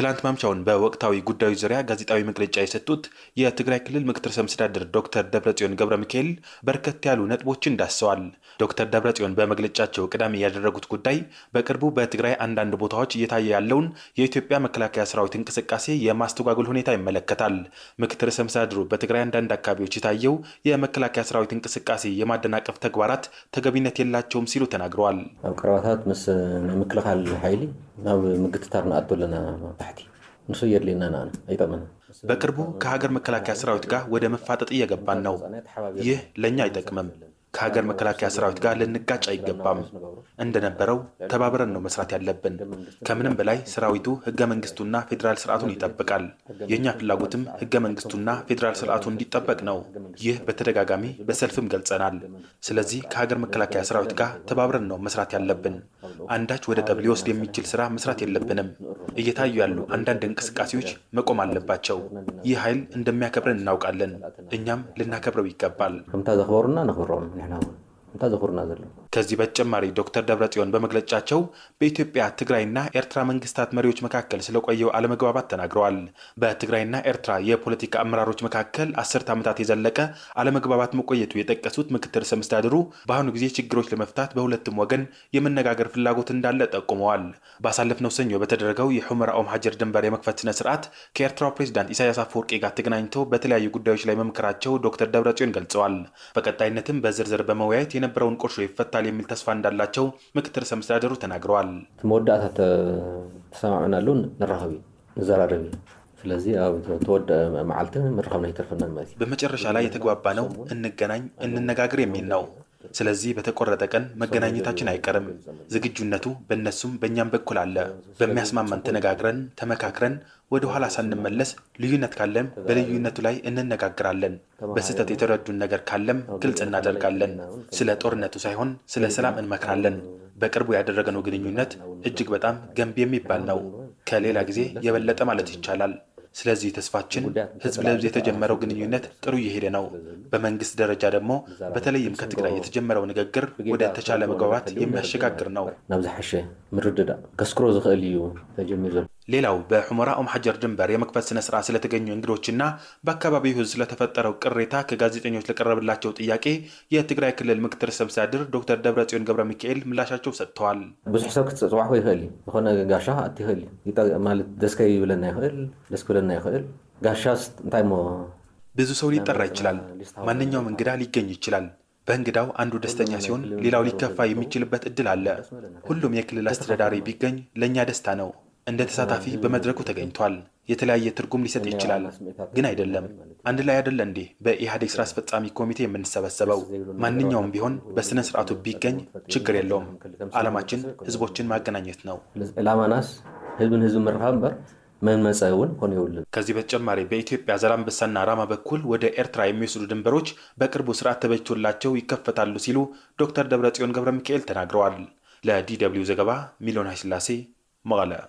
ትላንት ማምሻውን በወቅታዊ ጉዳዮች ዙሪያ ጋዜጣዊ መግለጫ የሰጡት የትግራይ ክልል ምክትል ርዕሰ መስተዳድር ዶክተር ደብረጽዮን ገብረ ሚካኤል በርከት ያሉ ነጥቦችን ዳሰዋል። ዶክተር ደብረጽዮን በመግለጫቸው ቅዳሜ ያደረጉት ጉዳይ በቅርቡ በትግራይ አንዳንድ ቦታዎች እየታየ ያለውን የኢትዮጵያ መከላከያ ሰራዊት እንቅስቃሴ የማስተጓጎል ሁኔታ ይመለከታል። ምክትል ርዕሰ መስተዳድሩ በትግራይ አንዳንድ አካባቢዎች የታየው የመከላከያ ሰራዊት እንቅስቃሴ የማደናቀፍ ተግባራት ተገቢነት የላቸውም ሲሉ ተናግረዋል። ኣብ ቀረባታት ምስ ምክልኻል ሓይሊ ናብ ምግትታር ንኣቶ ኣለና ንሱ የድልናና አይጠቅመን። በቅርቡ ከሀገር መከላከያ ሰራዊት ጋር ወደ መፋጠጥ እየገባን ነው። ይህ ለእኛ አይጠቅምም። ከሀገር መከላከያ ሰራዊት ጋር ልንጋጭ አይገባም። እንደነበረው ተባብረን ነው መስራት ያለብን። ከምንም በላይ ሰራዊቱ ህገ መንግስቱና ፌዴራል ስርዓቱን ይጠብቃል። የእኛ ፍላጎትም ህገ መንግስቱና ፌዴራል ስርዓቱ እንዲጠበቅ ነው። ይህ በተደጋጋሚ በሰልፍም ገልጸናል። ስለዚህ ከሀገር መከላከያ ሰራዊት ጋር ተባብረን ነው መስራት ያለብን። አንዳች ወደ ጠብ ሊወስድ የሚችል ስራ መስራት የለብንም። እየታዩ ያሉ አንዳንድ እንቅስቃሴዎች መቆም አለባቸው። ይህ ኃይል እንደሚያከብረን እናውቃለን። እኛም ልናከብረው ይገባል። ንሕና እውን እንታይ ዘኽሩና ዘሎ ከዚህ በተጨማሪ ዶክተር ደብረጽዮን በመግለጫቸው በኢትዮጵያ ትግራይና ኤርትራ መንግስታት መሪዎች መካከል ስለቆየው አለመግባባት ተናግረዋል። በትግራይና ኤርትራ የፖለቲካ አመራሮች መካከል አስርት ዓመታት የዘለቀ አለመግባባት መቆየቱ የጠቀሱት ምክትል ርዕሰ መስተዳድሩ በአሁኑ ጊዜ ችግሮች ለመፍታት በሁለቱም ወገን የመነጋገር ፍላጎት እንዳለ ጠቁመዋል። ባሳለፍነው ሰኞ በተደረገው የሑመራ ኦም ሀጀር ድንበር የመክፈት ስነ ስርዓት ከኤርትራው ፕሬዚዳንት ኢሳያስ አፈወርቂ ጋር ተገናኝተው በተለያዩ ጉዳዮች ላይ መምከራቸው ዶክተር ደብረጽዮን ገልጸዋል። በቀጣይነትም በዝርዝር በመወያየት የነበረውን ቁርሾ ይፈታል ይሻሻል የሚል ተስፋ እንዳላቸው ምክትል ርዕሰ መስተዳደሩ ተናግረዋል። መወዳእታ ተሰማዕናሉ ንራኸቢ ንዘራረብ ስለዚ ተወደ መዓልቲ ምርኻብና ይተርፈናል ማለት እዩ። በመጨረሻ ላይ የተግባባ ነው እንገናኝ እንነጋግር የሚል ነው። ስለዚህ በተቆረጠ ቀን መገናኘታችን አይቀርም። ዝግጁነቱ በእነሱም በእኛም በኩል አለ። በሚያስማማን ተነጋግረን ተመካክረን ወደ ኋላ ሳንመለስ ልዩነት ካለም በልዩነቱ ላይ እንነጋግራለን። በስህተት የተረዱን ነገር ካለም ግልጽ እናደርጋለን። ስለ ጦርነቱ ሳይሆን ስለ ሰላም እንመክራለን። በቅርቡ ያደረገነው ግንኙነት እጅግ በጣም ገንቢ የሚባል ነው። ከሌላ ጊዜ የበለጠ ማለት ይቻላል። ስለዚህ ተስፋችን ህዝብ ለህዝብ የተጀመረው ግንኙነት ጥሩ እየሄደ ነው። በመንግስት ደረጃ ደግሞ በተለይም ከትግራይ የተጀመረው ንግግር ወደ ተቻለ መግባባት የሚያሸጋግር ነው። ናብዝሓሸ ምርድዳ ከስክሮ ዝኽእል እዩ ተጀሚሩ ሌላው በሑመራ ኦም ሐጀር ድንበር የመክፈት ስነ ስርዓት ስለተገኙ እንግዶችና በአካባቢው ህዝብ ስለተፈጠረው ቅሬታ ከጋዜጠኞች ለቀረበላቸው ጥያቄ የትግራይ ክልል ምክትል ርዕሰ መስተዳድር ዶክተር ደብረጽዮን ገብረ ሚካኤል ምላሻቸው ሰጥተዋል። ብዙሕ ሰብ ክትፅዋዕኮ ይኽእል እዩ ዝኾነ ጋሻ ኣትይኽእል እዩ ማለት ደስከ ይብለና ይኽእል ደስ ክብለና ይኽእል ጋሻ እንታይ ሞ ብዙ ሰው ሊጠራ ይችላል። ማንኛውም እንግዳ ሊገኝ ይችላል። በእንግዳው አንዱ ደስተኛ ሲሆን ሌላው ሊከፋ የሚችልበት እድል አለ። ሁሉም የክልል አስተዳዳሪ ቢገኝ ለእኛ ደስታ ነው። እንደ ተሳታፊ በመድረኩ ተገኝቷል። የተለያየ ትርጉም ሊሰጥ ይችላል፣ ግን አይደለም። አንድ ላይ አይደለ እንዴ በኢህአዴግ ስራ አስፈጻሚ ኮሚቴ የምንሰበሰበው? ማንኛውም ቢሆን በስነ ስርዓቱ ቢገኝ ችግር የለውም። አላማችን ህዝቦችን ማገናኘት ነው። ላማናስ ህዝብን ህዝብ መረባበር እውን ሆነ ይውልን። ከዚህ በተጨማሪ በኢትዮጵያ ዘራንበሳና ራማ በኩል ወደ ኤርትራ የሚወስዱ ድንበሮች በቅርቡ ስርዓት ተበጅቶላቸው ይከፈታሉ ሲሉ ዶክተር ደብረጽዮን ገብረ ሚካኤል ተናግረዋል። ለዲ ደብልዩ ዘገባ ሚሊዮን ኃይለሥላሴ መቀለ